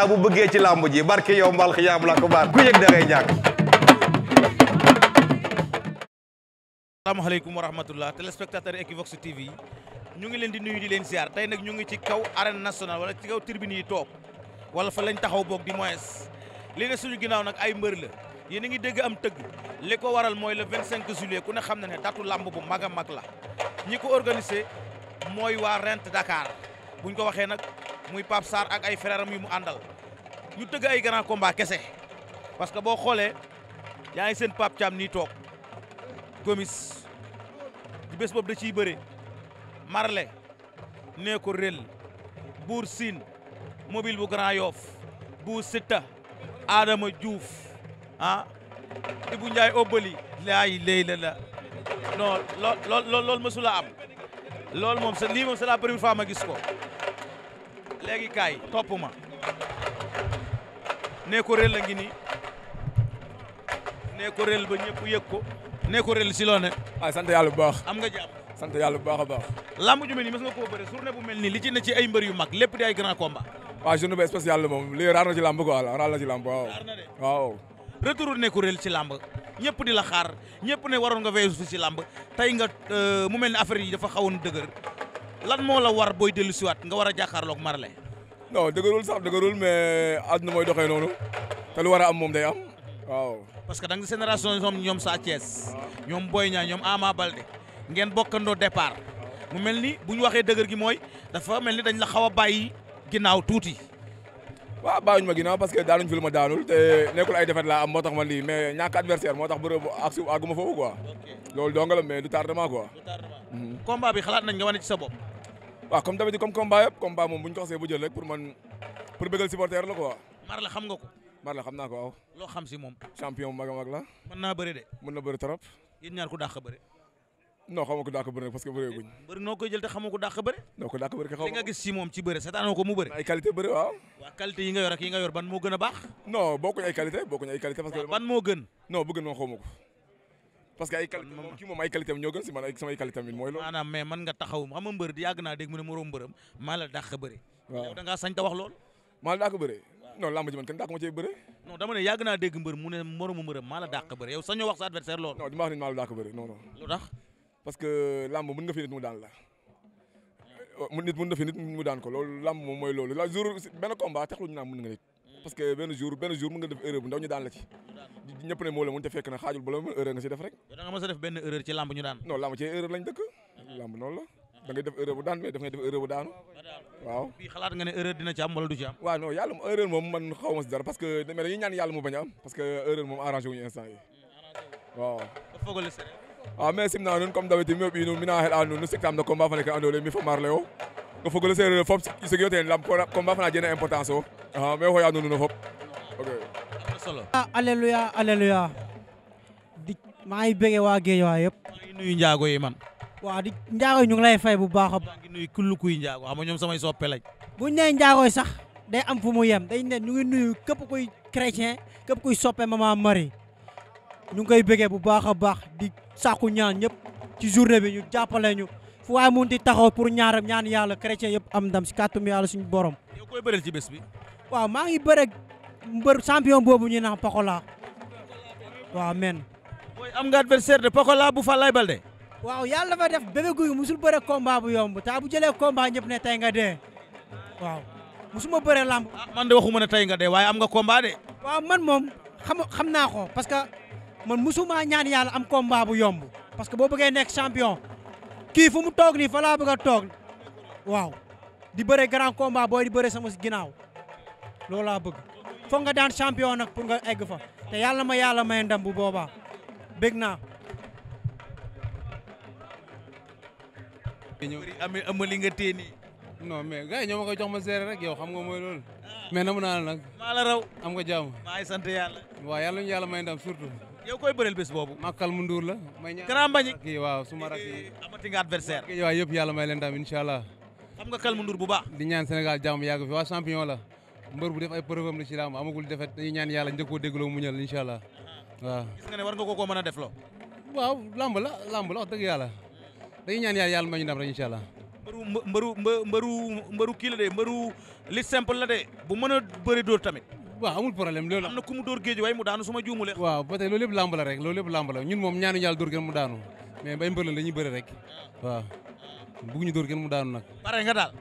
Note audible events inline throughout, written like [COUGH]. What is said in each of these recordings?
naa bu bëggee ci làmb ji barke yow mbal xiyaam la ko baar ku yëg da ngay ñàkk asalaamaaleykum wa rahmatullah téléspectateur Equivox TV ñu ngi leen di nuyu di leen ziar tey nag ñu ngi ci kaw arène nationale wala ci kaw tribune yi toog wala fa lañ taxaw boog di moins li ne suñu ginnaaw nag ay mbër la yéen a ngi dégg am tëgg li ko waral mooy le 25 juillet ku ne xam na ne datu làmb bu mag a mag la ñi ko organisé mooy waa Rent Dakar buñ ko waxee nag muy Pape Sarr ak ay frère am mu àndal ñu tëgg ay grand combat kese parce que boo xoolee yaa ngi seen Pape Thiam nii toog Gomis di bés boobu da ciy bëre Marle nee ko rel Buur Sine mobile bu Grand Yoff Buur Sitta Adama Diouf ah Ibou Ndiaye Obali laay léy la la non lool lool loolu mësula am loolu moom c'est lii moom c'est la première fois ma gis ko léegi kaay topp ma nee ko réel la ngi nii nee ko ba ñëpp yëg ko nee ko si loo ne waaw sant yàlla bu baax am nga jàpp sant yàlla bu baax baax lamb ju mel nii mas nga koo bëre journée bu mel ni li ci ci ay yu mag lépp di ay grand combat waaw journée bu spécial moom lii raar na ci lamb quoi raar na ci lamb waaw waaw retour di la xaar ñépp ne waroon nga veillé suuf si lamb tey nga euh, mu mel ni affaire yi dafa xawoon dëgër lan moo la war booy dellu siwaat nga war a jàkkaarloog Marley. non dëgërul sax dëgërul mais àdduna mooy doxee noonu te lu war a am moom day am waaw. parce que da nga génération ñoom ñoom Sa Thiès ñoom Boy ñaa ñoom Ama Baldé ngeen bokkandoo départ mu mel ni bu ñu waxee dëgër gi mooy dafa mel ni dañ la xaw a bàyyi ginnaaw tuuti. waaw bàyyiwuñu ma ginnaaw parce que daanuñ fi lu ma daanul te nekkul ay défaite laa am tax man lii mais ñàkk adversaire moo tax bëre ak foofu quoi loolu dong la mais du tardement quoi. du tardement. Mhm. xalaat nañ nga wane ci sa bopp. waaw comme tamit comme combat yëpp combat moom bu ñu ko xasee bu jël rek pour man pour bëggal supporter la quoi. Mar xam nga ko. Mar la xam naa ko waaw. loo xam si moom. champion bu mag a la. man naa bëri de. mën na bëri trop. yéen ñaar ku dàq bëri. non xamoo ko dàq bëri parce que bëree guñ bëri noo koy jël te xamoo ko dàq bëri noo ko dàq bëri kay xamoo li nga gis si moom ci bëri seetaanoo ko mu bëri ay qualité bëri waaw waaw qualité yi nga yor ak yi nga yor ban moo gën a baax non bokkuñ ay qualité bokkuñ ay qualité parce que ban moo gën non bu gën moom xamoo ko parce que ay qualité moom kii moom ay qualité am ñoo gën si man ay samay qualité am mooy loolu maanaam mais man nga taxaw xam nga mbër di yàgg naa dégg mu ne moroom mbërëm maa la dàq bëri waaw da ngaa sañ ta wax loolu maa la dàq bëri non lamb ji man kenn dàq ma cee bëre non dama ne yàgg naa dégg mbër mu ne moromu mbërëm maa la dàq bëri yow sañoo wax sa adversaire loolu non dama wax ni maa la dàq bëri non non lu tax parce que làmb mën nga fi nit mu daan na fi nit mu daan ko loolu làmb moom mooy loolu la jour benn combat taxul ñu naan mën nga nit parce que benn jour benn nga def erreur bu ndaw ñu daan la ci ñëpp ne moo la mën fekk na xaajul bu la mën nga si def rek da a def benn erreur ci làmb ñu daan non làmb ci erreur lañ dëkk làmb noonu la da def erreur bu daan mais daf ngay def erreur bu daanu waaw bii xalaat nga moom man xaw ma si parce que mais dañuy ñaan yàlla mu bañ a am parce que erreur moom a ah, mais simna nuun comme d'habitude mi o ɓiy nuun mi nu siktaam no combat fane ke ando mi fo maar layo no fogole sereer fop i segi yo ten lam combat fana jena importance o a ah, mais xoya nuun no fop aleluya aleluya dik maa ngi bëgg waa géej waa yëpp maa nuyu njaago yi man waaw di njaago yi ñu ngi fay bu baax a baax maa ngi nuyu kull kuy njaago xam nga ñoom samay soppe lañ buñ nee njaago yi sax day am mu yem day ñu ngi nuyu képp kuy chrétien képp kuy soppe ñu ngi koy bëggee bu baax a baax di sàkku ñaan ñëpp ci journée bi ñu jàppale ñu fu waaye mun di taxaw pour ñaar ñaan yàlla chrétien yëpp am ndam si kàttum yàlla suñu borom. yow koy bëreel ci bi. waaw maa ngi bëre mbër champion boobu ñu naan laa waaw men. mooy am nga adversaire de laa bu Falaye Balde. waaw yàlla dafa def Bébé Gouy Gui musul bëre combat bu yomb ta bu jëlee combat ñëpp ne tey nga dee waaw musuma bëre lamb. Ah, man de waxuma ne tey nga dee waaye am nga combat de. waaw man moom xam xam naa man musuma ñaan yàlla am combat bu yomb parce que boo bëggee nekk champion kii mu toog nii fa laa bëgg a toog waaw di bëre grand combat boo di bëre sama si ginnaaw loolu laa bëgg foog nga daan champion nag pour nga egg fa te yàlla ma yàlla may ndam bu boobaa bëgg naa. amee amali nga téye nii. non mais gars yi ñoo ma koy jox ma seere rek yow xam nga mooy loolu. na namu naa la nag. maa la raw am nga jàmm. maa ngi sant yàlla. waaw yàlla ñu yàlla may ndam surtout. yow koy bëreel bés boobu. Makkal mu la. may ñaan grand mbañi kii waaw su ma rakk yi amati nga adversaire. kii waaw yëpp yàlla may leen ndam incha allah. xam nga Kalmu Ndour bu baax. di ñaan Sénégal jàmm yàgg fi waa champion la mbër bu def ay preuve am la ci lamb defet dañuy ñaan yàlla njëkkoo dégloo muñal incha allah uh-huh. waaw. nga ne ko koo mën a def loo. waaw lamb la lamb la wax dëgg yàlla dañuy ñaan yàlla yàlla may ñu ndam rek incha allah mbëru mbëru mbëru kii la de mbëru li simple la de bu mën a bëri dóor tamit waaw amul problème loolu am na ku mu dóor géej waaye mu daanu suma juumule waaw ba tey loolu yëpp làmb la rek loolu yëpp làmb la ñun moom ñaanu yàlla dóor kenn mu daanu mais bay mbër la dañuy bëri rek waaw bugg ñu dóor kenn mu daanu nag pare nga daal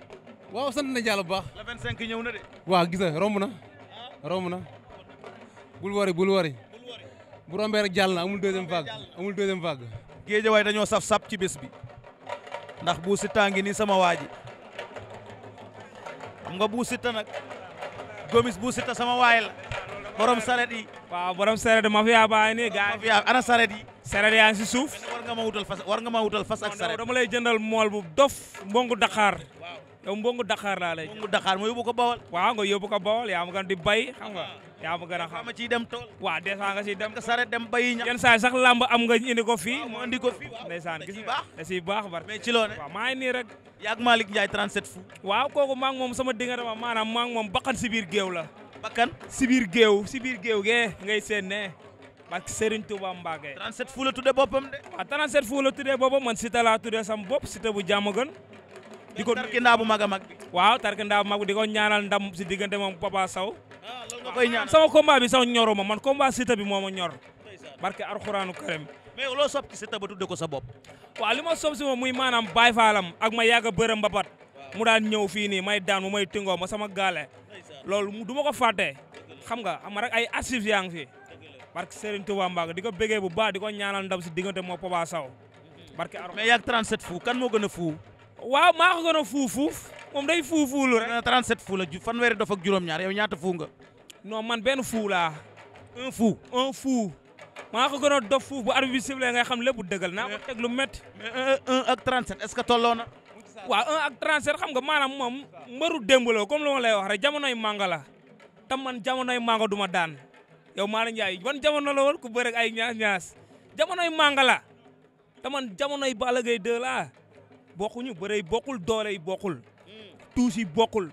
waaw sant nañ yàlla bu baax le 25 ñëw na de waaw gis nga romb na romb na bul wari bul wari bu rombee rek jàll na amul deuxième vague amul deuxième vague géej waaye dañoo saf sap ci bés bi ndax bu si tàngi ni sama waaji xam bu si ta gomis bu Siteu sama waay la borom saret yi waaw borom saret yi mafia baa ni gaay ana saret yi saret yaa ngi si suuf war nga ma wutal fas war nga ma wutal fas ak saret dama lay jëndal mool bu dof mbongu Dakar yow mbongu Dakar laa lay mbongu Dakar ma yóbbu ko bawal waaw nga yóbbu yaa ma gën di bay xam yaa ma gën a xam ma dem tool waaw dem saret dem bayi ña saa yi sax am nga indi ko fii mu indi ko fii ndeysaan gis baax da ciy baax bar mais ci loone waaw maa ngi nii rek yaag Malick Ndiaye 37 fu waaw kooku maa ngi moom sama diggante ma maanaam maa moom bakkan si biir géew la bakkan si biir géew si biir géew ngay seen ne parce que Serigne Touba Mbacke 37 fu la tuddee boppam de waaw 37 fu la tuddee boppam man Siteu laa tuddee sama bopp Siteu bu jàmm gën di ko tarki ndaa bu mag a mag bi waaw tarki ndaa bu mag bi di ko ñaanal ndam si diggante moom Papa saw nga koy sama combat bi sax ñoruma man combat bi moo ma ñor barke arxuraanu karim mais loo sob ci Siteu ba tudde ko sa bopp waaw li ma sob si moom muy maanaam baay faalam ak ma yàgg a bëre mbapat mu daan ñëw fii nii may daan mu may tingoo ma sama gaale loolu du ma ko fàtte xam nga am rek ay archives yaa ngi fi barke Serigne Touba Mbaga di ko bégee bu baax di ko ñaanal ndam si diggante moo Papa Sow barke arxuraan mais yàgg 37 fu kan moo gën a fu waaw maa ko gën a fuu fuuf moom day fuu fuulu rek 37 fu la fanweeri dof ak juróom-ñaar yow ñaata fuu nga non man benn fou laa un fou un fou maa ko gën a dof bu arbitre bi ngay xam lépp dëggal naa ko teg lu métti. mais un ak 37 ce que tolloo na. waaw un xam nga maanaam moom mbëru démb la comme lu ma lay wax rek jamonoy manga la te man jamonoy mango duma ma daan yow Malick Ndiaye ban jamono la woon ku bëre ay ñaas ñaas jamonoy manga la te man jamonoy Balla Gaye 2 bokkuñu bëre yi bokkul doole yi bokkul hmm. tuus yi bokkul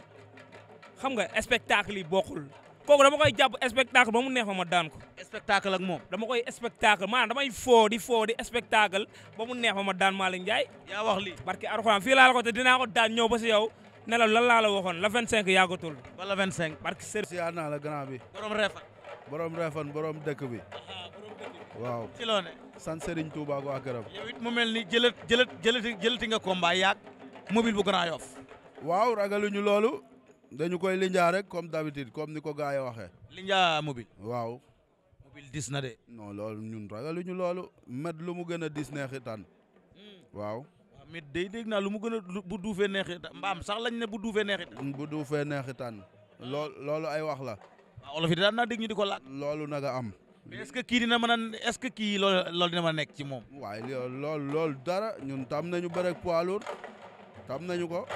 xam nga spectacle yi bokkul. kooku dama koy jàpp spectacle ba mu neex ma ma daan ko. spectacle moom. dama koy spectacle maanaam damay foo di foo di spectacle ba mu neex ma ma daan Malick Ndiaye. yaa wax lii barke Alxuraan fii laa la ko te dinaa ko daan ñëw ba si yow la lan laa la waxoon la 25 yàggatul. ba la 25. barke Serigne. si naa la grand bi. borom reefan. borom reefan ah, ah, borom dëkk bi. waaw. ci loo ne. sant ak waa këram. yow mel ni jëlët jëlët jëlëti jëlëti nga combat yaag mobile bu Grand Yoff. waaw ragaluñu loolu. dañu koy linjaa rek comme d'habitude comme ni ko gars yi waxee. linjaa mobile. waaw. mobile dis na de. non loolu ñun ragaluñu loolu. met lu mu gën a dis neexitaan. Hmm. waaw. waaw met day dégg naa lu mu gën a bu duufee neexitaan mbaam sax lañ ne bu duufee neexitaan. bu duufee neexitaan. lool loolu ay wax la. waaw olof yi daan naa dégg ñu di ko laaj. loolu nag am. mais est-ce que kii dina mën a est-ce que kii loolu loolu dina ma a nekk ci moom. waaye lool loolu dara ñun tam nañu bëre poids lourd tam nañu ko.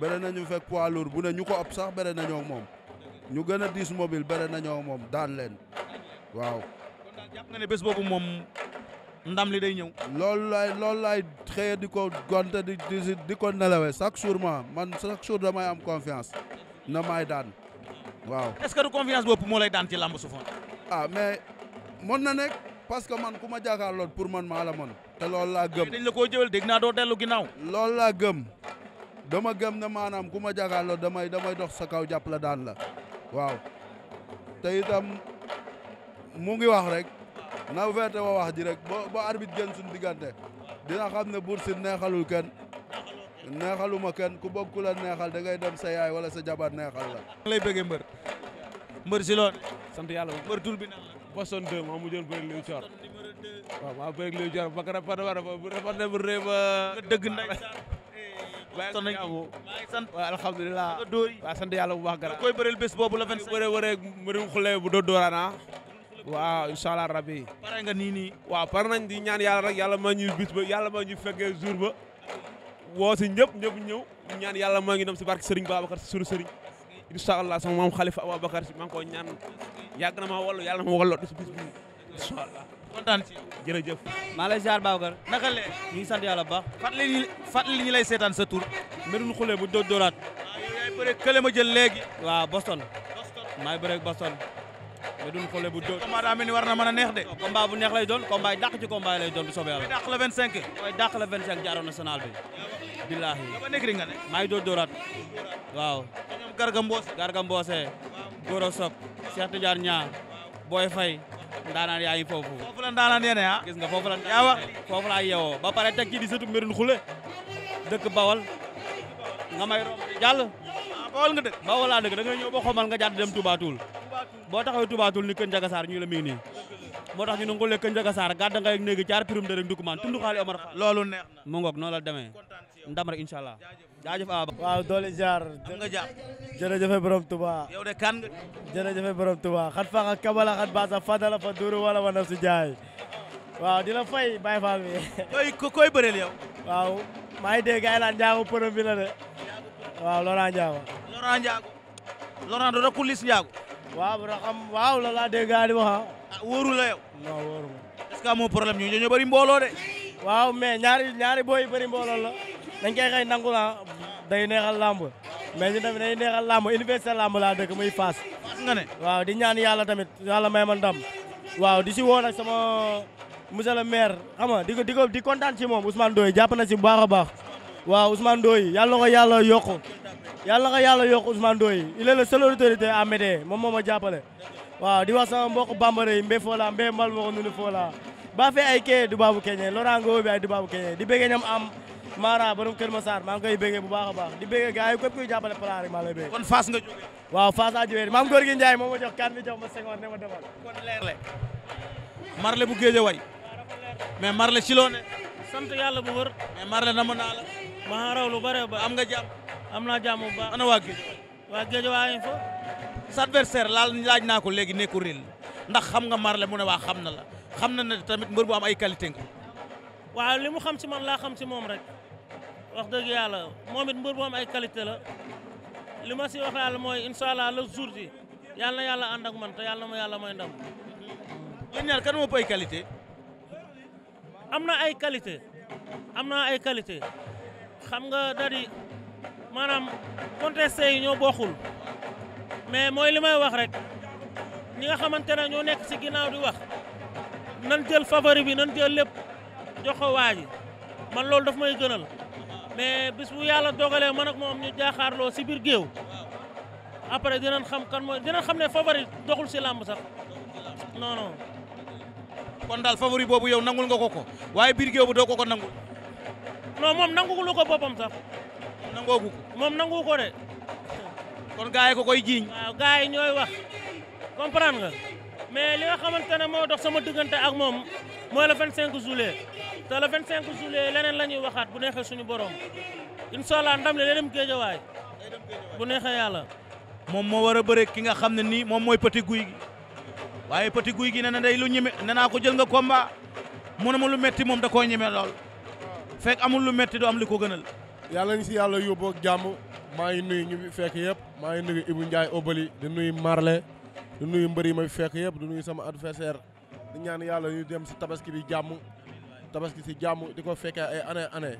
bëre nañu fekk poids lourd bu ne ñu ko ëpp sax bëre nañoo ak moom ñu gën a diis mobile bëre nañoo moom daan leen waaw. kon daal bés boobu moom ndam li day ñëw. lool laay loolu laay xëye di ko gonte di di di ko nelawee chaque jour ma man chaque jour damay am confiance na may daan waaw. est-ce que du confiance boobu moo lay daan ci làmb suufoon. a ah, mais mën na nekk parce que man ku ma jàkkaarloo pour man maa la mën te lool laa gëm. dañ la koo jëwal dégg naa doo ginnaaw. loolu laa gëm. dama gëm na maanaam ku ma jàkkaarloo damay damay dox sa kaw jàpp la daan la waaw te itam mu ngi wax rek na feete wa wax ji rek ba ba arbitre gën diggante dina xam ne Bour Sine neexalul kenn neexaluma kenn ku bëgg ku la neexal dangay ngay dem sa yaay wala sa jabar neexal la. lay bëggee mbër. mbër si loon sant yàlla mbër tur bi nan la. Boston 2 maa mujjoon bëri liw coor waaw maa bëri ba ka rafet ba rafet ba dëgg ndey sonn nañ sant alhamdulilah waaw sant yàlla bu baax gara koy bëreel bés boobu la vingt bëre wëree mëriñ xulee bu doo dooraana ah. waaw incha allah rabbi nga nii nii waaw pare nañ di ñaan yàlla rek yàlla maa ñuy bis ba yàlla maa ñuy fekkee jour ba woo si ñëpp ñëpp ñëw ñaan yàlla maa ngi dem si barke Serigne baa si suru Serigne incha allah sama maam Khalifa Ababacar si maa ngi ko ñaan yàgg na ma yàlla na ma wallu bis bis bi incha kontaan jërëjëf. maa lay ziar Babacar. naka lee ñu ngi sant yàlla ba baax. fàttali ñu fàttali lay seetaan sa tur. mbirum xulee bu dóor dóoraat. waaw ah, yow yaay bëre kële ma jël léegi. waaw Boston. Boston maay bëre Boston. mbirum bu dóor. combat daa mel ni war na mën a neex de. combat bu neex lay doon combat yi dàq ci combat yi lay doon bu soobee yàlla. mooy dàq le 25. bi. billaahi. dafa nekk ri maa ngi dóor dóoraat. waaw. garga mboose. garga mboose. Goro Sok. Cheikh Tidiane ñaa Boy Faye. ndaanaan yaa ngi foofu foofu la ndaanaan yene ah gis nga foofu la yeewoo ba pare teg ci di sëtu mbirun xule dëkk bawal nga may romb jàll ah, bawal nga dëkk bawal laa dëkk da ngay ñëw ba xomal nga jàdd dem Touba Toul boo taxawee Touba Toul ni kën jagasaar ñu la mi ngi nii moo tax ñu ne ngole kën jagasaar néegi caar pirum de rek ndukumaan tundu xaali Omar loolu neex na mu ngoog noonu la demee ndam rek incha jaajëf Aba. waaw doole jaar. am nga jaar jërëjëf borom Touba. yow de kan nga. jërëjëf borom Touba xat fa xat kabala xat baasa fadala fa duuru wala wana su jaay. waaw di la fay Baye Fall bi. [LAUGHS] koy koy bëreel yow. waaw maa ngi dégg ay naan Ndiago de. waaw Laurent Ndiago. Laurent Ndiago. Laurent doo ku lis Ndiago. waaw bu xam waaw loolu laa dégg ah. Ah, la yow. non wóoru ma. est-ce que amoo problème ñu ñoo bëri mbooloo de. waaw mais ñaari ñaari booy yu bëri mbooloo la. nangu naa ah. day neexal làmb mais ñu tamit day neexal làmb université a laa dëkk muy Fass. nga ne waaw di ñaan yàlla tamit yàlla may ma ndam. waaw di si woo nag sama monsieur le maire xam nga di ko di ko di kontaan ci moom Ousmane Ndoye jàpp na si bu baax a baax. waaw Ousmane Ndoye yàlla na ko yàlla yokk yàlla na ko yàlla yokk Ousmane Ndoye il ma jàppale. waaw di wax sama mbokk bambara foola mbé mbal foola ba fee ay kee du baabu keñe lorango bi ay du baabu keñe di bëggee ñam maanaam borom Kër Massar maa ngi koy béggee bu baax a baax di béggee gars yi képp kuy jàppale Pala rek maa lay béggee. kon Fass nga jógee. waaw Fass laa jógee maam góor gi Ndiaye moo ma jox kan bi jox ma sengoor ne ma demal. kon leer le Marley bu géeje way mais Marley ci loo ne. bu wër. mais Marley namu naa la. maa lu bare ba am nga jàmm. am naa jàmm bu baax. ana waa géej. waa géej waa info. sa adversaire laal laaj naa ko léegi nekkul réel ndax xam nga Marley mu ne waa xam na la xam na ne tamit mbër bu am ay qualité nga waaw li mu xam ci man laa xam ci moom rek wax dëgg yàlla moom it mbër bu am ay qualité la li ma si wax yàlla mooy incha allah le jour ji yàlla na yàlla ànd ak man te yàlla ma yàlla may ndam. yéen ñaar kan moo ëpp ay qualité. am na ay qualité am na ay qualité xam nga da di maanaam contesté yi ñoo bokkul mais mooy li may wax rek ñi nga xamante ne ñoo nekk si ginnaaw di wax nan jël favori bi nan jël lépp. jox ko waa man loolu daf may gënal mais bis bu yàlla dogalee man ak moom ñu jaaxaarloo si biir géew après dinañ xam kan mooy dinañ xam ne favori doxul si làmb sax non non. kon daal favori boobu yow nangul nga ko ko waaye biir géew bu doo ko ko nangul. non moom nangulu ko boppam sax. nangoogu ko moom nangu ko de. kon gars yi ko koy jiiñ. waaw gars ñooy wax comprendre nga. mais li nga xamante ne moo dox sama diggante ak moom moo mooy le 25 juillet te le 25 juillet leneen la ñuy waxaat bu neexee suñu borom incha allah ndam li dem géejawaay neexee yàlla. moom moo war a bëre ki nga xam ne nii moom mooy petit guy waaye petit guy gi nee na day lu ñeme na naa ko jël nga combat mu na ma lu metti moom da koo ñeme lool fekk amul lu metti du am li ko gënal. yàlla ñu si yàlla yóbboo ak jàmm maa ngi nuyu ñu fekk yëpp maa ngi nuyu Ibou Ndiaye lu nuyu mbër yi may fekk yëpp lu nuyu sama adversaire di ñaan yàlla yu dem si tabaski bi jàmm tabaski si jàmm di ko fekkee ay année année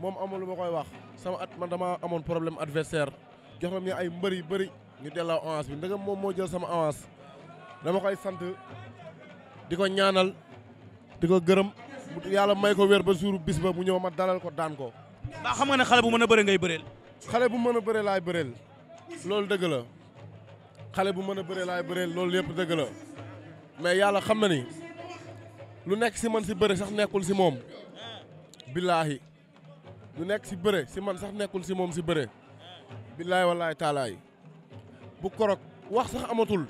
moom amul lu ma koy wax sama at man dama amoon problème adversaire jox na ñu ay mbëri yu bëri ñu delloo avance bi ndegam moom moo jël sama avance dama koy sant di ko ñaanal di ko gërëm yàlla may ko weer ba suuru bis ba mu ñëw ma dalal ko daan ko. ba xam nga ne xale bu mën a bëre ngay bëreel. xale bu mën a bëre laay bëreel loolu dëgg xale bu mën a bëre laay bëreel loolu yépp dëgg la mais yàlla xam na ni lu nekk si man si bëre sax nekkul si moom billaahi lu nekk si bëre si man sax nekkul si moom si bëre billaahi wallaahi taalaay bu korok wax sax amatul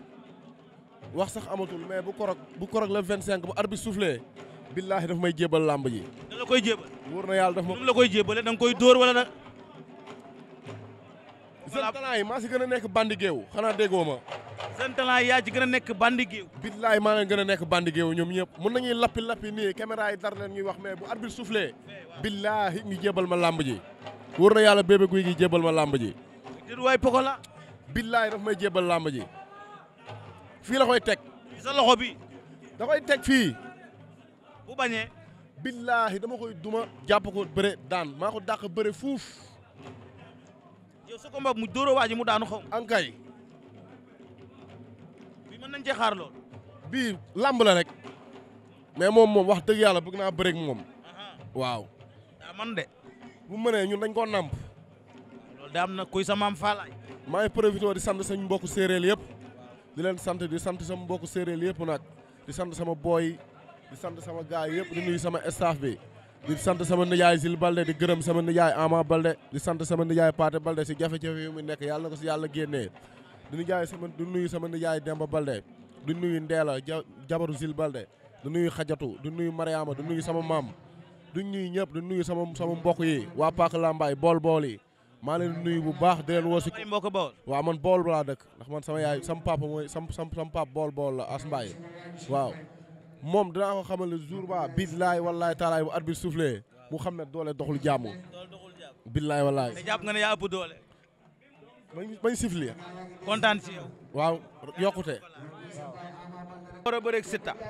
wax sax amatul mais bu korok bu korok la 25 bu arbitre soufflé billaahi daf may jébal làmb ji. da la koy jébal. wóor na yàlla daf ma. la koy jébale da nga koy dóor seen talent yi maa si gën a nekk bandi géew xanaa déggoo ma seen talent yi yaa ci gën a nekk bandi géew billaay maa leen gën a nekk bandi géew ñoom ñëpp mun nañuy lappi lappi nii caméra yi dar leen ñuy wax mais bu arbitre soufflé billaahi ñu jébal ma làmb ji wóor na yàlla bébé guy gi jébal ma làmb ji déet waay pokola billaay daf may jébal làmb ji fii la koy teg sa loxo bi da koy teg fii bu bañee billaahi dama koy duma jàpp ko bëre daan maa ko dàq bëre fuuf yow su ko mbab mu dóoroo waa ji mu daanu xaw ma. ankay. bii mën nañ làmb la rek. mais moom moom wax dëgg yàlla bëgg naa bëre ak moom. Uh-huh. waaw. daa man de. bu mënee ñun dañ koo nàmp. loolu daa am na kuy sama am faalaay. maa ngi di sant sañ mbokku séeréer yëpp. di leen sant di sant sama mbokku séeréer yëpp nag. di sant sama booy di sant sama gaay yëpp di nuyu sama staff bi. di sant sama nijaay Zil Balde di gërëm sama nijaay Ama Balde di sant sama nijaay Paate Balde si jafe-jafe yu mu nekk yàlla na ko si yàlla génnee di nijaay sama di nuyu sama nijaay Demba Balde di nuyu Ndeela jabaru Zil Balde di nuyu Xajatu di nuyu Mariama di nuyu sama maam di nuyu ñëpp di nuyu sama sama mbokk yi waa Pàkk Lambaay bool bool yi maa leen nuyu bu baax di leen woo si waa man bool laa dëkk ndax man sama yaay sama papa mooy sam sam sama papa bool bool la moom dinaa ko xamal ne jour ba billaay wallaay taalaay bu arbitre mu xam ne doole doxul jàmm. doole doxul jàmm. billaay wallaay. te jàpp nga ne yaa ëpp doole. bañ bañ sifflé. kontaan si yow. waaw yokkute. war a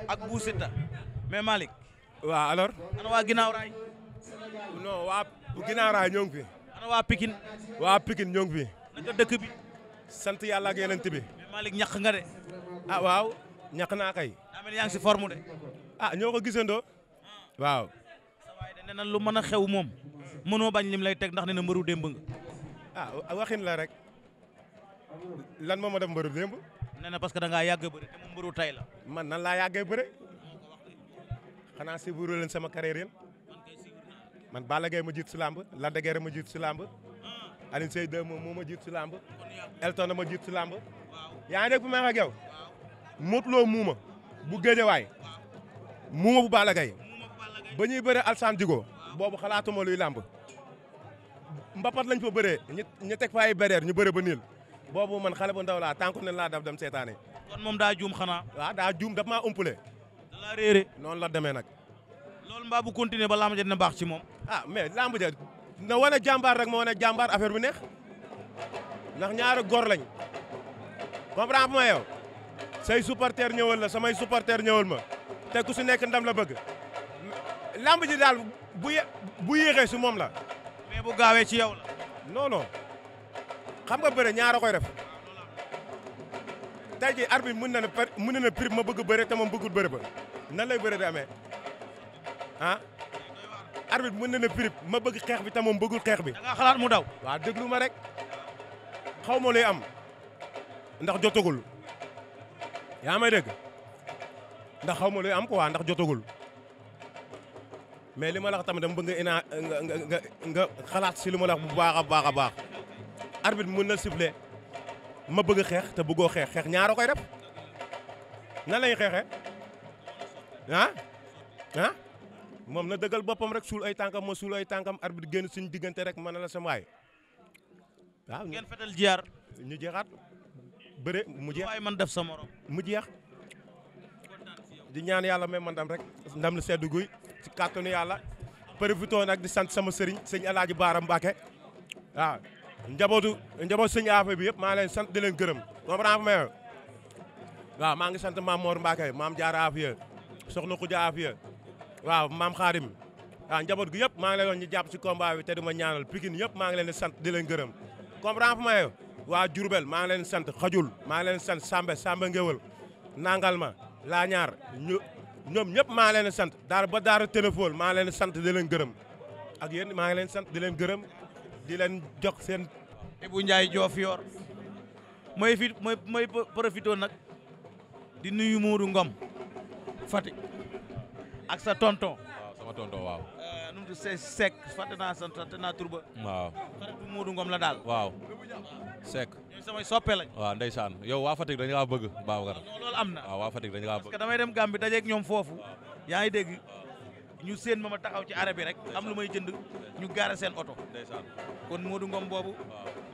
ak bu Siteu mais Malick. waaw alors. ana waa ginnaaw fi. ana waa Pikine. fi. naka dëkk bi. sant yàlla ak yeneen bi. mais nga de. Ah, waaw ñàkk naa kay. mel ah, ñoo ko gisandoo. waaw. lu mën a xew moom. mënoo bañ lay teg ndax nee na mbëru ah, la rek. lan moo ma def mbëru démb. nee parce que da ngaa yàgg a bëri te la. man nan laa yàggee bëri. xanaa si sama carrière yéen. man Balla ma jiit si làmb Lac de ma jiit si làmb. Alioune Seye ma jiit si làmb. Elton ma jiit si làmb. yaa ngi dégg fu may muuma. bu géejawaay muuma bu Balla Gaye ba ñuy bëre Alsaan Digo boobu xalaatuma luy làmb mbapat lañ fa bëre ñu ñu teg fa ay bereer ñu bëre ba niil boobu man xale bu ndaw laa tànku ne laa daf dem seetaane. kon moom daa juum xanaa. waaw daa juum daf ma umpule. da laa réeré. noonu la demee nag. loolu mbaa bu continuer ba làmb ja na baax ci moom. a ah, mais làmb ja na wane jàmbaar rek ma na jàmbaar affaire bu neex ndax ñaari góor lañ comprendre ma yow. say supporter ñëwal la samay supporter ñëwal ma te ku si nekk ndam la bëgg lamb ji daal bu bu yéexee si moom la. mais bu gaawee ci yow la. non xam nga bëre ñaara koy def tey jii arbitre mën na ne per mën na prix ma bëgg bëre te moom bëggul bëre ba nan lay bëre di amee ah. arbitre mën na ne prix ma bëgg xeex bi te moom bëggul xeex bi. da xalaat mu daw. waaw déglu ma rek xaw ma luy am ndax jotagul. yaa may dégg ndax xaw ma luy am waa ndax jotagul mais li ma la wax tamit bëgg nga nga xalaat si li ma la bu baax a baax a baax. arbitre mën na sible ma bëgg xeex te bëggoo xeex xeex ñaaro koy def nan lañuy xeexee ah ah moom na dëggal boppam rek suul ay tànkam ma suul ay tànkam arbitre génn suñu diggante rek mën na la sama waay waaw. ngeen fetal jiyaar. ñu jeexaat bëre mu jeex waaye man def sa morom. mu jeex di ñaan yàlla may ma ndam rek ndam lu seddu guy ci kàttanu yàlla profité nag di sant sama sëriñ sëñ alaaji Baara mbake waaw njabootu njaboot sëñ Afe bi yëpp maa leen sant di leen gërëm comprendre ma waaw maa ngi sant maam Mor Mbacke maam Jaara Afiya soxna Koudia Afiya waaw maam Xaadim waaw njaboot gi yëpp maa ngi leen doon jàpp ci combat bi te duma yëpp maa ngi leen sant di leen gërëm comprendre ma waa Diourbel maa leen sant xajul maa leen sant Samba Samba Ngéwal nangal ma laa ñaar ñu ñoom ñëpp maa leen sant daara ba daara téléphone maa leen sant di gërëm ak yéen maa ngi leen sant di leen gërëm di leen jox seen. Ibou Ndiaye Diofior mooy fi mooy nag di nuyu Modou Ngom Fatick ak sa tonton. waaw waaw. sant Seck fàtte naa sant fàtte naa turba. waaw xarit bu Moodu Ngom la daal. waaw Seck. ñoom samay soppe waaw ndeysaan yow waa fa dañu laa bëgg Babacar. non am na waaw waa Fatick dañu laa bëgg. parce damay dem Gambie dajeeg ñoom foofu. yaa ngi dégg ñu séen ma ma taxaw ci arab bi rek am lu may jënd ñu gaare seen oto. ndeysaan kon Moodu Ngom boobu.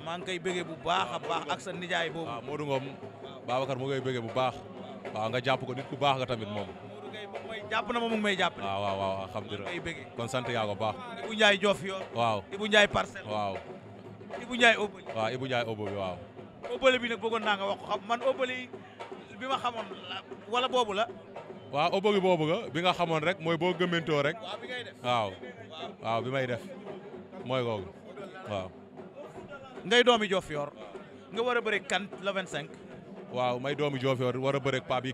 maa ngi koy bëggee bu baax a baax ak sa nijaay boobu. waaw Moodu Ngom Babacar mu ngay bëggee bu baax. waaw nga jàpp ko nit ku baax nga tamit moom jàpp na ma mu may jàpp waaw waaw waaw kon sant yaa ko baax. Ibou Ndiaye Diof waaw Ibou Ndiaye parcelle. waaw Ibou Ndiaye Obali. waaw Ibou Ndiaye Obali bi nag bëggoon naa nga wax ko xam man Obali bi ma xamoon wala boobu la. waaw Obali boobu nga bi nga xamoon rek mooy boo gëmmentoo rek. waaw bi waaw. bi may def mooy googu waaw. ngay doomi Diof nga war a kant la le 25. waaw may doomi Diof yor war a bëri Pape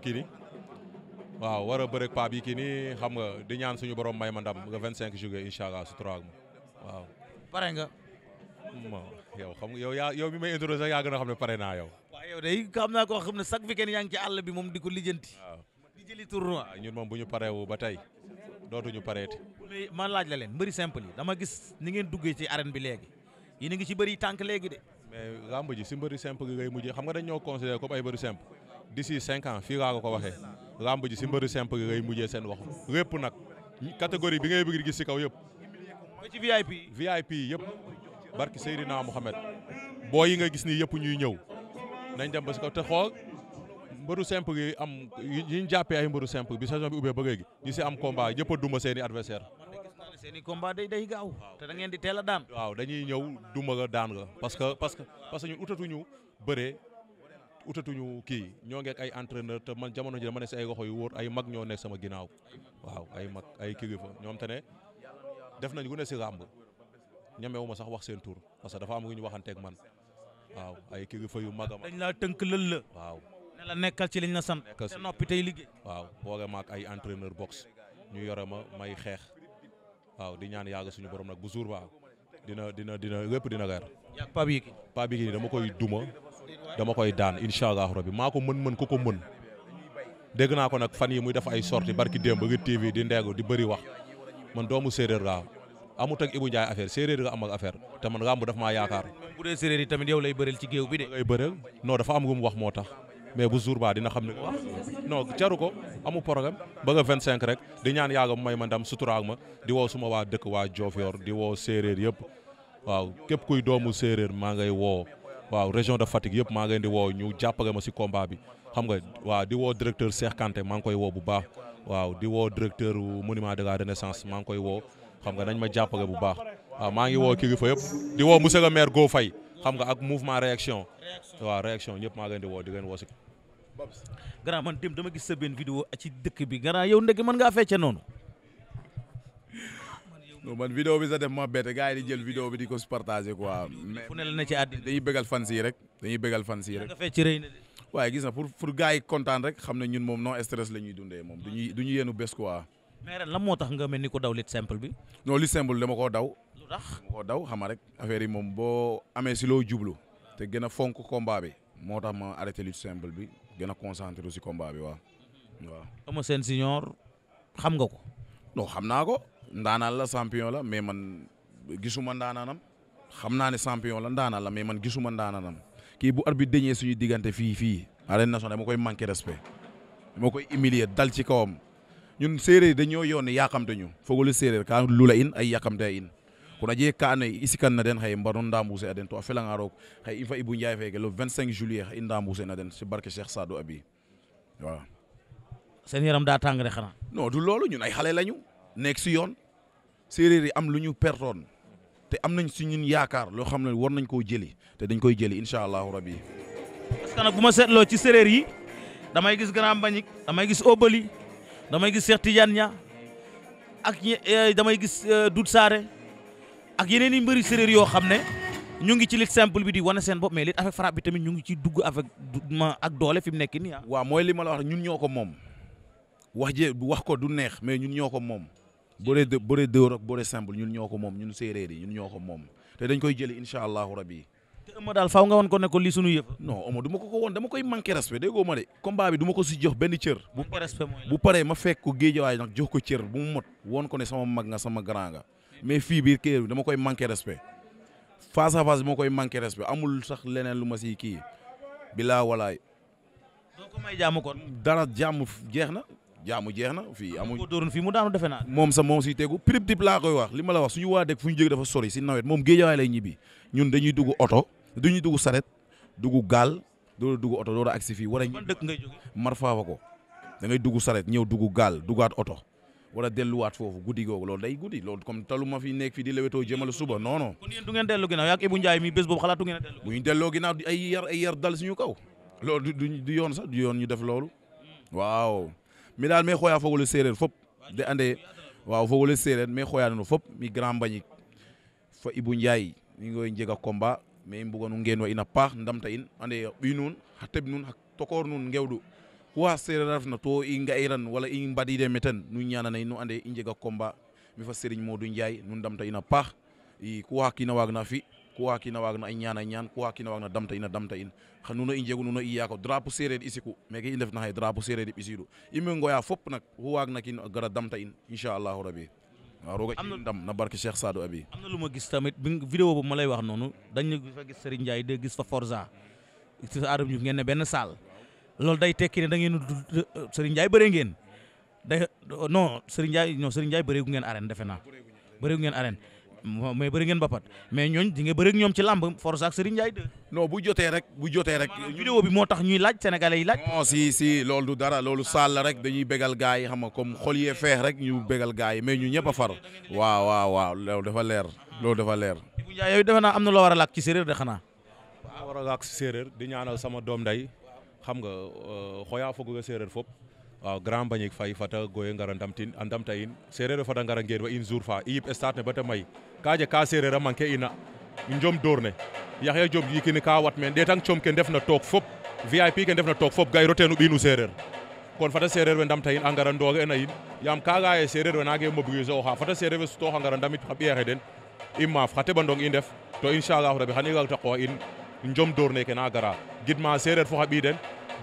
waaw war a bëreeg paa bi kii nii xam nga di ñaan suñu borom may ma ndam nga 25 juillet incha allah su trois mois waaw. pare nga. yow xam nga yow yaa yow mi may intro sax yaa gën a xam ne pare naa yow. waaw yow day xam naa koo xam ne chaque weekend yaa ngi ci àll bi moom di ko lijjanti. waaw ah, ñun moom bu ñu pareewu ba tey dootuñu pareeti. mais ma laaj la leen mbëri simple yi dama gis ni ngeen duggee ci arène bi léegi yéen a ngi ci bëri tànk léegi de. mais làmb ji si mbëri simple gay ngay mujjee xam nga dañ ñoo considéré comme ay mbëri simple d'ici cinq ans fii laa ko waxee làmb ji si mbëri simple gi ngay mujjee seen waxu lépp nag catégorie bi ngay bëgg gis si kaw yëpp. ba ci VIP yi. VIP yëpp barki Seydina Mohamed boo yi nga gis nii yëpp ñuy ñëw nañ dem ba si kaw te xool mbëru simple yi am yi ñu a ay mbëru simple bi saison bi ubbee ba léegi ñu si am combat ñëpp a duma seen i adversaire seen i day day gaaw te da ngeen di teel a daan. waaw dañuy ñëw duma la daan la parce que parce que parce que ñun utatuñu bëree. utatuñu kii ñoo ngeek ay entraîneur te man jamono ji dama ne si ay goxo yu wóor ay mag ñoo nekk sama ginnaaw waaw ay mag ay kilifa ñoom te def nañ gu ne si làmb ñemewu ma sax wax seen tur parce que dafa am lu ñu waxanteeg man waaw ay kilifa yu mag a dañ laa tënk lël la waaw ne la nekkal ci liñ la sant te noppi tey liggéey waaw boole ma ak ay entraîneur boxe ñu yore ma may xeex waaw di ñaan yàgg suñu borom nag bu jour waa dina dina dina lépp dina leer. yaa Pape dama koy duma dama koy daan incha allahu rabi maa ko mën mën ku ko mën dégg naa ko nag fan yi muy def ay sorti barki démb Rik TV di ndeegu di bëri wax man doomu séeréer laa amu ak Ibou Ndiaye affaire séeréer nga am ak affaire te man rambu daf maa yaakaar. bu dee séeréer yi tamit yow lay bëreel ci géew bi de. ngay bëreel non dafa am lu mu wax moo tax mais bu jour baa dina xam ne wax non jaru ko amu porogam ba nga 25 rek di ñaan yaaga mu may ma ndam suturaag ma di woo suma waa dëkk waa Diofior di woo séeréer yëpp waaw képp kuy doomu séeréer maa ngay woo. waaw région de Fatick yëpp maa ngeen di woo ñu jàppale ma si combat bi xam nga waaw di woo directeur Cheikh Kanté maa ngi koy woo bu baax waaw di woo directeur monument de la renaissance maa ngi koy woo xam nga nañ ma jàppale bu baax waaw maa ngi woo kilifa yëpp di woo monsieur le maire Go Faye xam nga ak mouvement réaction waaw réaction ñëpp maa ngi leen di woo di leen woo si. grand man dem dama gis sa benn vidéo ci dëkk bi grand yow ndeke mën ngaa fecce noonu. non man vidéo bi sa def ma bette gars yi di bégal fans yi rek bégal fans yi rek. waaye gis na pour yi kontaan rek xam ne ñun moom non stress la ñuy dundee moom du ñuy du ñu yéenu lan moo tax nga mel ni ko daw lit simple bi. non lit simple dama koo daw. lu tax dama koo daw xama rek affaire yi moom boo amee si loo jublu te gën a fonk combat bi moo tax ma arrêté lit simple bi gën a concentré si combat bi waaw mhm. waaw. Eumeu Sène Junior xam nga ko. non xam naa ko. ndaanaan la champion la mais man gisuma ndaanaanam xam naa ne champion la ndaanaan la mais man gisuma ndaanaanam kii bu arbitre dañee suñu diggante fii fii arène nationale dama koy manqué respect dama koy humilier dal ci kawam ñun séeréer dañoo yoon ne yaakamte ñu fogole séeréer ka lula in ay yakamte a in kono jee ka andoona yee i na den xaye mbar no ndambuse a den to a felanga roog xaye i fa Ibou Ndiaye feeke le 25 juillet xa i ndambuse na den si barke Cheikh Sadou Abi waaw seen daa tàng rek xanaa non loolu ñun ay xale lañu nekk si yoon séeréer yi am lu ñu pertoon te am nañ si ñun yaakaar loo xam ne war nañ koo jëli te dañ koy jëli incha allahu rabi. parce que bu ma seetloo ci séréer yi damay gis Grand Mbagnick damay gis Obali damay gis Cheikh Tidiane Niang ak eh, damay gis eh, Doud Saare ak yeneen i mbëri séréer yoo xam ne ñu ngi ci lit simple bi di wane seen bo mais lit avec frappe bi tamit ñu ngi ci dugg avec ma ak doole fi mu nekk nii ah. waaw mooy li ma la wax ñun ñoo ko moom wax je wax ko du neex mais ñun ñoo ko moom. bëre de bëre moom ñun séeréer ko moom koy jëli incha allahu rabi. te Eumeu ko ne ko lii sunu yëf. non du ma ko koy ma de. combat bi du ma ko si jox benn cër. bu bu paree ma fekk ko géejawaay nag jox ko cër bu mu mot. woon ko ne sama mag nga sama grand nga mais fii biir kër bi dama koy manqué respect face à face bi ma koy manqué amul sax leneen lu ma si kii bilaa walaay. doo ko may jàmm kon. dara jàmm jeex na jaamu jeex na fii fi ko dóoroon fii mu daanu defe naa moom sa moom siy tegu prib dip laa koy wax li ma la wax suñu waa dëkk fu ñu jóge dafa sori si nawet moom géejawaay lay ñibbi ñun dañuy dugg oto dañuy dugg saret dugg gaal doola dugg oto doola agsi fii war a ko da ngay dugg saret ñëw dugg gaal duggaat oto war delluwaat foofu guddi googu loolu day guddi loolu comme talu ma fi nekk fii di lewetoo jëmale suba non non. kon yéen du ngeen dellu ginnaaw yaa ak Ibou Ndiaye mi bés boobu xalaatu ngeen ñu kaw. loolu du du yoon sax du yoon ñu def loolu. Hmm. waaw mi daal mais fogole séeréer fop de ande waaw fogole séeréer mais xooya no fop mi grand mbañik fo Ibou Ndiaye mi ngoy njega combat mais i mbuganu ngeen wa in a paax ndamta in ande a ɓiy xa teɓ nuun xa tokoor nuun ngewɗu ku xa seereer a refna to i nga'iran wala i mbadiide me ten nu ñaanana in nu ande i njega combat mi fa Serigne Modou Ndiaye nu ndamta in a paax i ku xa kiin a waagna fi' kuwakina wagno a ñana ñaan kuwakina wagno damta in a damta in xa nuun o i njegu nuun o i yaako drapeau sereer i siku meke i ndefna xaye drapeau i ɓisiidu i mbay ngoya fop nak xu waagna kiin gara damta in inchallahu rabi a rooga ci ndam na barke Cheikh Sadou Abi am na lu ma gis tamit bi vidéo wax noonu dañ fa gis Serigne Ndiaye de gis fa Forza ngeen ne defe naa bëreegu ngeen arène mais bëri ngeen mbapat mais ñooñ di nga bëri ak ñoom ci làmb force ak Serigne Ndiaye 2. bu jotee rek bu jotee rek. vidéo bi moo tax ñuy laaj sénégalais yi laaj. non si si loolu du dara loolu sàll rek dañuy bégal gars yi xam nga comme xol yee feex rek ñu bégal gars yi mais ñu ñëpp a far. waaw waaw waaw loolu dafa leer loolu dafa leer. Ibou Ndiaye yow naa am na loo war a làkk ci séeréer de xanaa. waaw war a làkk ci séeréer di ñaanal sama doom day xam nga euh, xooyaa foog nga séeréer fop uh, grand bañik fay fata goye ngara ndamtin ah, a ndamta in sereer o fada ngara ngeer wa in jour fa i yip start ne bata may ka jeg ka sereer a manquer ina njom door ne yaxya job ka wat meen ɗetang com ke ndefna took fop vip ke ndefna took fop gayro teen u ɓiinu sereer kon fata sereer we ndamta in a ngara ndooge na in yaam kaga ye sereer we naange mobiliser oxa fata sereer we sutooxa ngara ndamit xa ɓiyaxe den i maaf xa teɓandong i ndef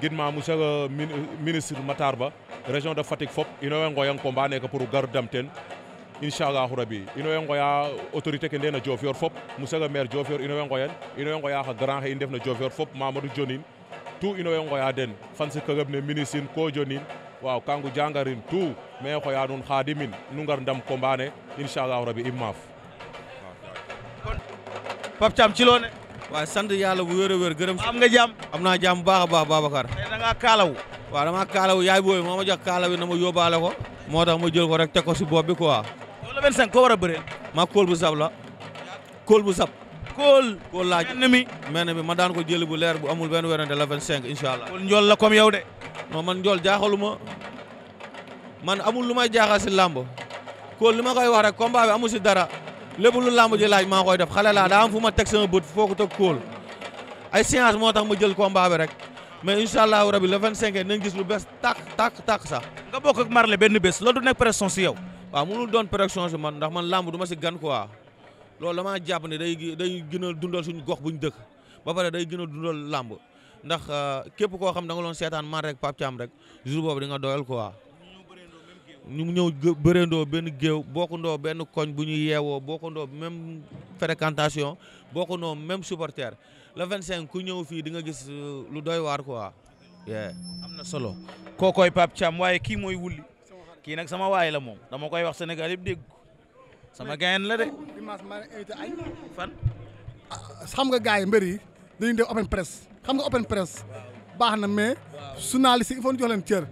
gidma monsieur le ministre Matar Ba région de Fatick fop ino way nqoyang combat neke pour gardam ten inchallahu rabi ino way autorité ke ndefna Diofior fop monsieur le maire Diofior ino way nqoyan ino xa grand xe i ndefna Diofior fop Mamadou Dionin tout ino way nqoya den fan si kegeb ne ministre in ko Dionin waaw kangu jangarin tout mais xoya nuun xadimin nu ngar ndam combat ne inchallahu rabi i maaf waa sant yàlla bu wér a wér gërëm. am nga jàmm am naa jàmm bu baax a baax Babacar. tey da ngaa kaalaw. waaw damaa kaalaw yaay booy moo ma ja kaalaw bi na ma yóbbaale ko. moo tax ma jël ko rek teg ko si bopp bi quoi. loolu ko war a bëree. maa bu sab la kool bu sab. kóol. kóol laaj mel mi. mel mi ma daan ko jëli bu leer bu amul benn werante la 25 incha allah. kóol njool la comme yow de. non man njool jaaxaluma man amul lu may jaaxal si làmb. kóol li ma koy wax rek amul si lépp lu làmb ji laaj maa koy def xale laa daa am fu ma teg sama foo ko teg kóol ay séance moo tax ma jël combat bi rek mais incha allahu la le 25 nañ gis lu bees tàkk tàkk tàkk sax. nga bokk ak Marley benn bés loolu du nekk pression si yow. waaw mënul doon pression si man ndax man lamb du ma si gan quoi loolu damaa jàpp ne day day gën a dundal suñu gox bu ñu dëkk ba pare day gën a dundal làmb ndax euh, képp koo xam da nga doon seetaan man rek Pape re boobu di nga doyal quoi. ñu ñëw bërendoo benn géew bokkundoo benn koñ bu ñuy yeewoo bokkundoo même fréquentation bokkundoo même supporter le 25 ku ñëw fii di nga gis euh, lu doy waar quoi. am na solo kookoy Pape Thiam waaye kii mooy wulli kii nag sama waay la moom dama koy wax Sénégal yëpp dégg sama gayen la de. Ah, xam nga gars yi mbër yi open press xam nga open press baax na mais journaliste il faut ñu jox leen cër.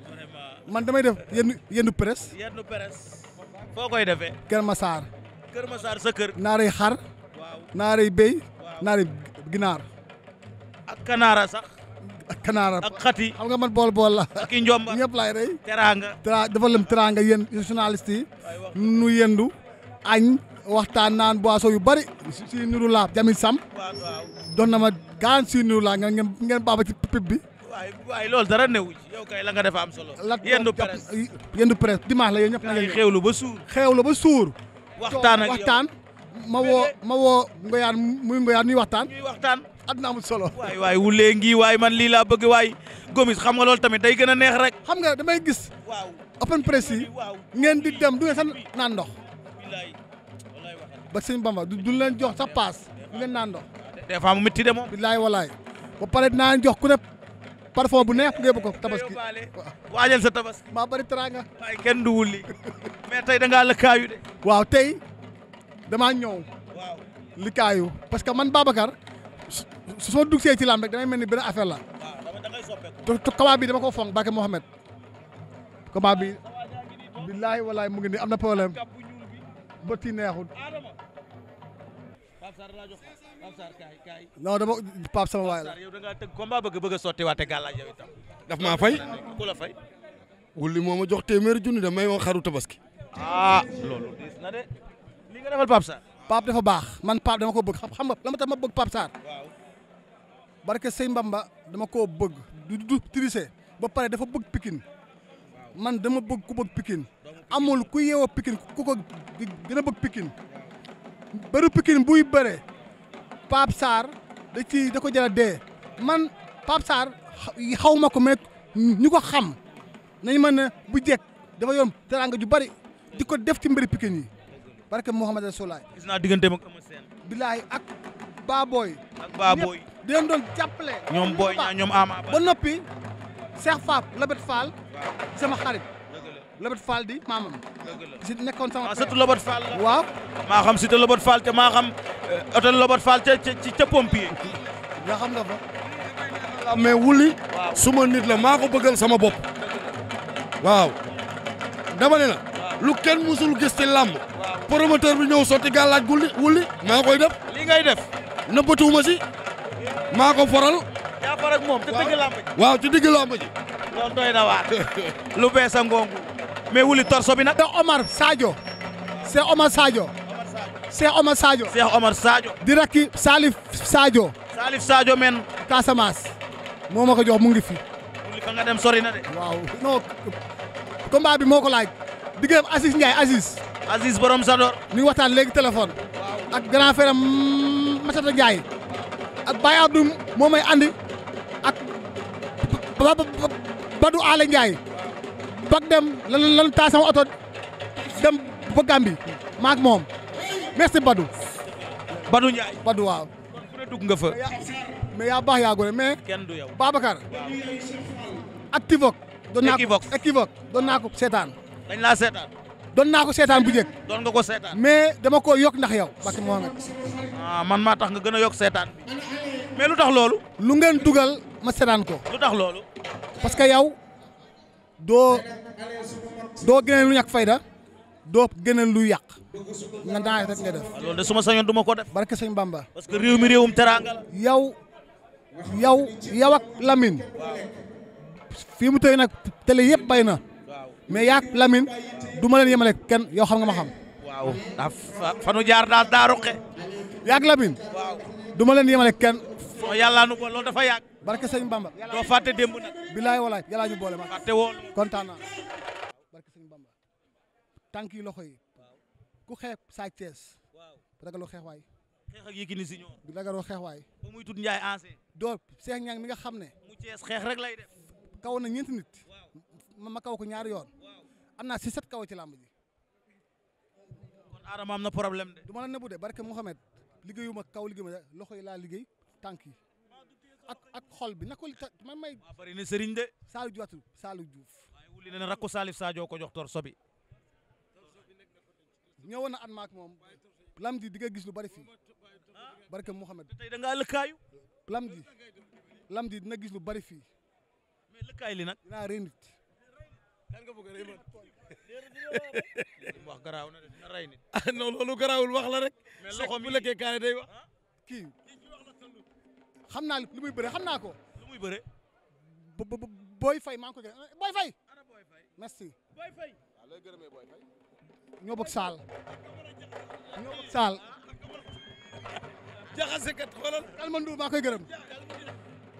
man damay def yenn yenn presse. yenn presse. foo koy defee. Kër Massar. Kër sa kër. naaray xar. waaw naaray béy. waaw ginaar. ak kanaara sax. ak kanaara ak xati. xam nga man bool bool la. ak i laay rey. teraanga. tera dafa lëm teraanga yéen journaliste yi. nu yendu añ. waxtaan naan boisson yu bari si nuru laa Jamil Sam. waaw waaw doon na ma gaan si nuru laa ngeen ngeen baaba ci pip bi. waay waay loolu dara newu yow kay la nga def am solo. yendu presse yendu presse dimanche la yéen ñëpp. da xewlu ba suur xewlu ba suur. waxtaan ak waxtaan. ma woo ma woo ngoyaan muy ngoyaan ñuy waxtaan. ñuy waxtaan àddina amul solo. waay waay wulee ngi waay man lii laa bëgg waaye gomis xam nga loolu tamit day gën a neex rek. xam nga damay gis. waaw open presse yi. ngeen di dem du ngeen sax naan ndox. ba sëñ Bamba du leen jox sa paas du ngeen naan ndox. mu métti de moom. bilaay walaay ba jox ku parfum bu neex nga yóbbu ko tabaski waajal sa tabaski maa bari teraanga mais tey da waaw tey damaa ñëw waaw likaayu parce que man Babacar su soo dugsee ci lamb rek damay mel ni benn affaire la bi dama ko fonk Barke Mohamed combat bi billaay walaay mu ngi ni am na problème bëti neexul non dama Pape da ngaa tëgg combat bëgg bëgg a sottiwaate gàllaaj yow itam. daf maa fay ku la fay. wulli moo ma jox téeméeri junni da may ma xaru tabaski. ah loolu diis na dafa baax man Pape dama ko bëgg xam nga la ma tax ma bëgg Pape Sarr. barke Sëñ Mbamba dama koo bëgg du du triché ba pare dafa bëgg Pikine man dama bëgg ku bëgg Pikine amul ku yeewoo Pikine ku ko gën bëgg Pikine bëru Pikine buy bëree. Pape Sarr da ci da ko jëla dee man Pape Sarr xaw ma ko me ñu ko xam nañ mën ne bu jekk dafa yoon teraanga ju bari di ko def ci mbiri Pikine yi barke Mouhamed Rasoulaay. gis naa digganteem ak Eumeu Sène. bilaay ak Baboy. ak Baboy di leen doon jàppale. ñoom Boy ñaa ñoom Ama ba noppi Cheikh Fap Labet Fall. sama xarit. Labet Fall di maamam. dëgg la si nekkoon sama. waaw surtout Labet Fall la. waaw. maa xam surtout Labet Fall te maa xam. hôtel euh, Lobat Fall ca ca ca pompier. nga xam nga mais wuli. suma nit la maa ko bëggal sama bopp. waaw. dama ne la. lu kenn musul gis ci làmb. promoteur bi ñëw sotti gàllaaj gulli wuli maa koy def. li ngay def. nëbbatuwuma si. maa ko foral. yaa far ak moom ci digg làmb ji. waaw ci digg lu bees a ngooŋ mais wuli bi nag. c'est Omar Sadio. c'est Omar Sadio. Cheikh Omar Sadio Cheikh Omar Sadio di rakki Salif Sadio Salif Sadio men Casamance moo ma ngi fi mu ngi fa dem sori na de waaw non combat laaj diggam Aziz Ndiaye Aziz Aziz borom Sador ñu ngi waxtaan léegi téléphone ak grand frère Matata Ndiaye ak Baye andi ak Badou Alé Ndiaye bag dem lan lan taa oto dem ba Gambie maak moom merci Badou. Badou Ndiaye Badou waaw. kon nga fa. mais yaa baax yaa gore mais. kenn du yow Babacar. Activox. doon naa ko naa ko seetaan. dañ laa seetaan. doon naa ko seetaan bu njëkk. doon nga ko seetaan. mais dama ko yokk ndax yow. parce que moo nag. man maa tax nga gën a yokk seetaan bi. mais lu tax loolu. lu ngeen dugal ma seetaan ko. lu tax loolu. parce que yow doo doo gën lu ñàkk fayda. doo gënal lu yàq nga daan rek nga def. Ah, loolu de suma sañoon du ma ko def. barke sëñ Bamba. parce que réew mi réewum teraanga la. yow yow yow ak Lamine mu tey nag télé yëpp bay na mais yaa lamin Lamine du ma leen yemale kenn yow xam nga ma xam. waaw fanu jaar daa daa ruqe. yaa ak Lamine. waaw du ma leen yemale kenn. yàlla nu ko loolu dafa yàgg. barke sëñ Bamba. doo fàtte démb nag. bilaay walaay yàlla ñu boole ma. fàtte kontaan tànk yi loxo yi. ku xeeb Sa waaw ragaloo xeex waay. xeex ak Yékini Senior. ragaloo xeex waay. door Cheikh Niang mi nga xam ne. mu Thiès xeex rek lay kaw na ñeenti nit. ma kaw ko ñaari yoon. am naa si set kaw ci làmb ji. kon Adama na problème de. du ma la nebu de barke Mouhamed liggéeyuma kaw liggéeyuma loxo yi laa liggéey tànk yi ak xol bi na ko li man may. waaw bëri na Serigne de. Saliou Diouf Saliou Diouf. waaye ñëwoon na at maak moom lam ji di nga gis lu bari fii barke Mouhamed. tey da ngaa lëkkaayu. lam ji lam ji dina gis lu bari fii. mais lëkkaay li nag. dinaa nga bëgg wax garaaw na de dina rey nit. Ah, loolu garaawul wax la rek. mais loxo mi bu lëkkee kaane day wax. kii xam naa lu muy bëre xam naa ko. lu muy maa ngi koy gërëm eh, ñoo bëgg saal ñoo bëgg saal. jaxase kat maa koy gërëm.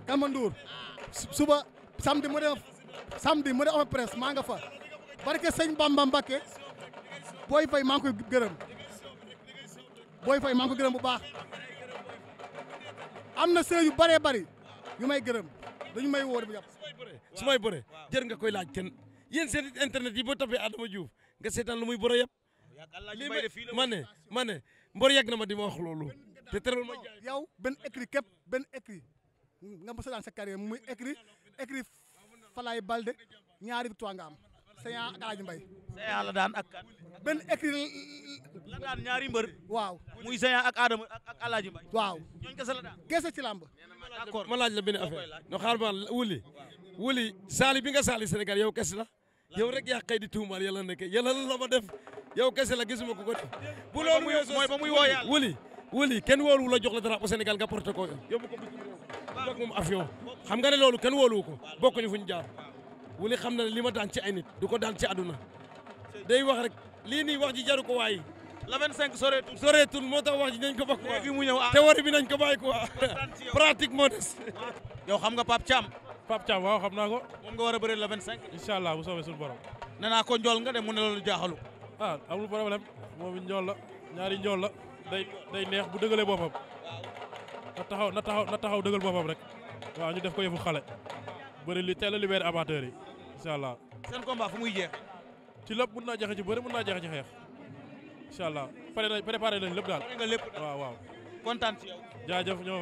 Kalmandour suba samedi mu dem samedi mu dem presse maa nga fa barke sëñ Bamba booy Boy Faye maa koy gërëm Boy Faye maa koy gërëm bu baax am na sëy yu bëree bëri yu may gërëm dañu may woo bu yàpp su may bëree jër nga koy laaj kenn yéen seen internet yi boo tapee Adama Diouf nga seetaan lu muy bëre yëpp. lii ma ne ma ne mbër yegg na ma di ma wax loolu. te terewul ma jaay yow benn écrit képp benn écrit nga mos a daan sa carrière muy écrit écrit Falaye ñaari victoire nga am Sénégal ak Alaaji Mbay. Sénégal la ak kan. benn écrit la daan ñaari mbër. waaw muy Sénégal ak Adama ak Alaaji Mbay. waaw ñooñu kese la daan gese ci làmb. d'accord ma laaj la benn affaire no xaar ma wuli wuli saali bi nga saali Sénégal yow kese la. yow rek yaa xëy di tuumaal yàlla nekk yàlla la ma def yow kese la gisuma ko ko def. bu loolu weesoo mooy ba muy woo yàlla wuli wuli kenn woolu la jox la drapeau Sénégal nga porté ko yóbbu ko moom avion xam nga ne loolu kenn woolu ko bokkuñu fu ñu jaar wuli xam na ne li ma daan ci ay nit du ko daan ci àdduna day wax rek lii nii wax ji jaru ko waaye. la 25 soreetul soreetul moo tax wax ji ko bokk. mu ñëw ah théorie bi nañ ko bàyyi quoi. pratique moo des. yow xam nga Pape Thiam. Pape Thiam waaw xam naa ko. moom nga war a bëri le 25. incha allah bu soobee suñu borom. nee ko njool nga de mu ne loolu jaaxalu. ah amul problème moom njool la ñaari njool la day day neex bu dëgalee boppam. na taxaw na taxaw na taxaw dëgal boppam rek. waaw ñu def ko yëfu xale. bëri li teel a libéré amateur yi incha allah. seen combat fu muy jeex. ci lépp mun naa jeexe ci bëri mun naa jeexe ci xeex. incha allah pare nañ préparé nañ lépp daal. pare lépp waaw waaw. kontaan ci yow. jaajëf ñoo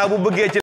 ginnaaw bu bëggee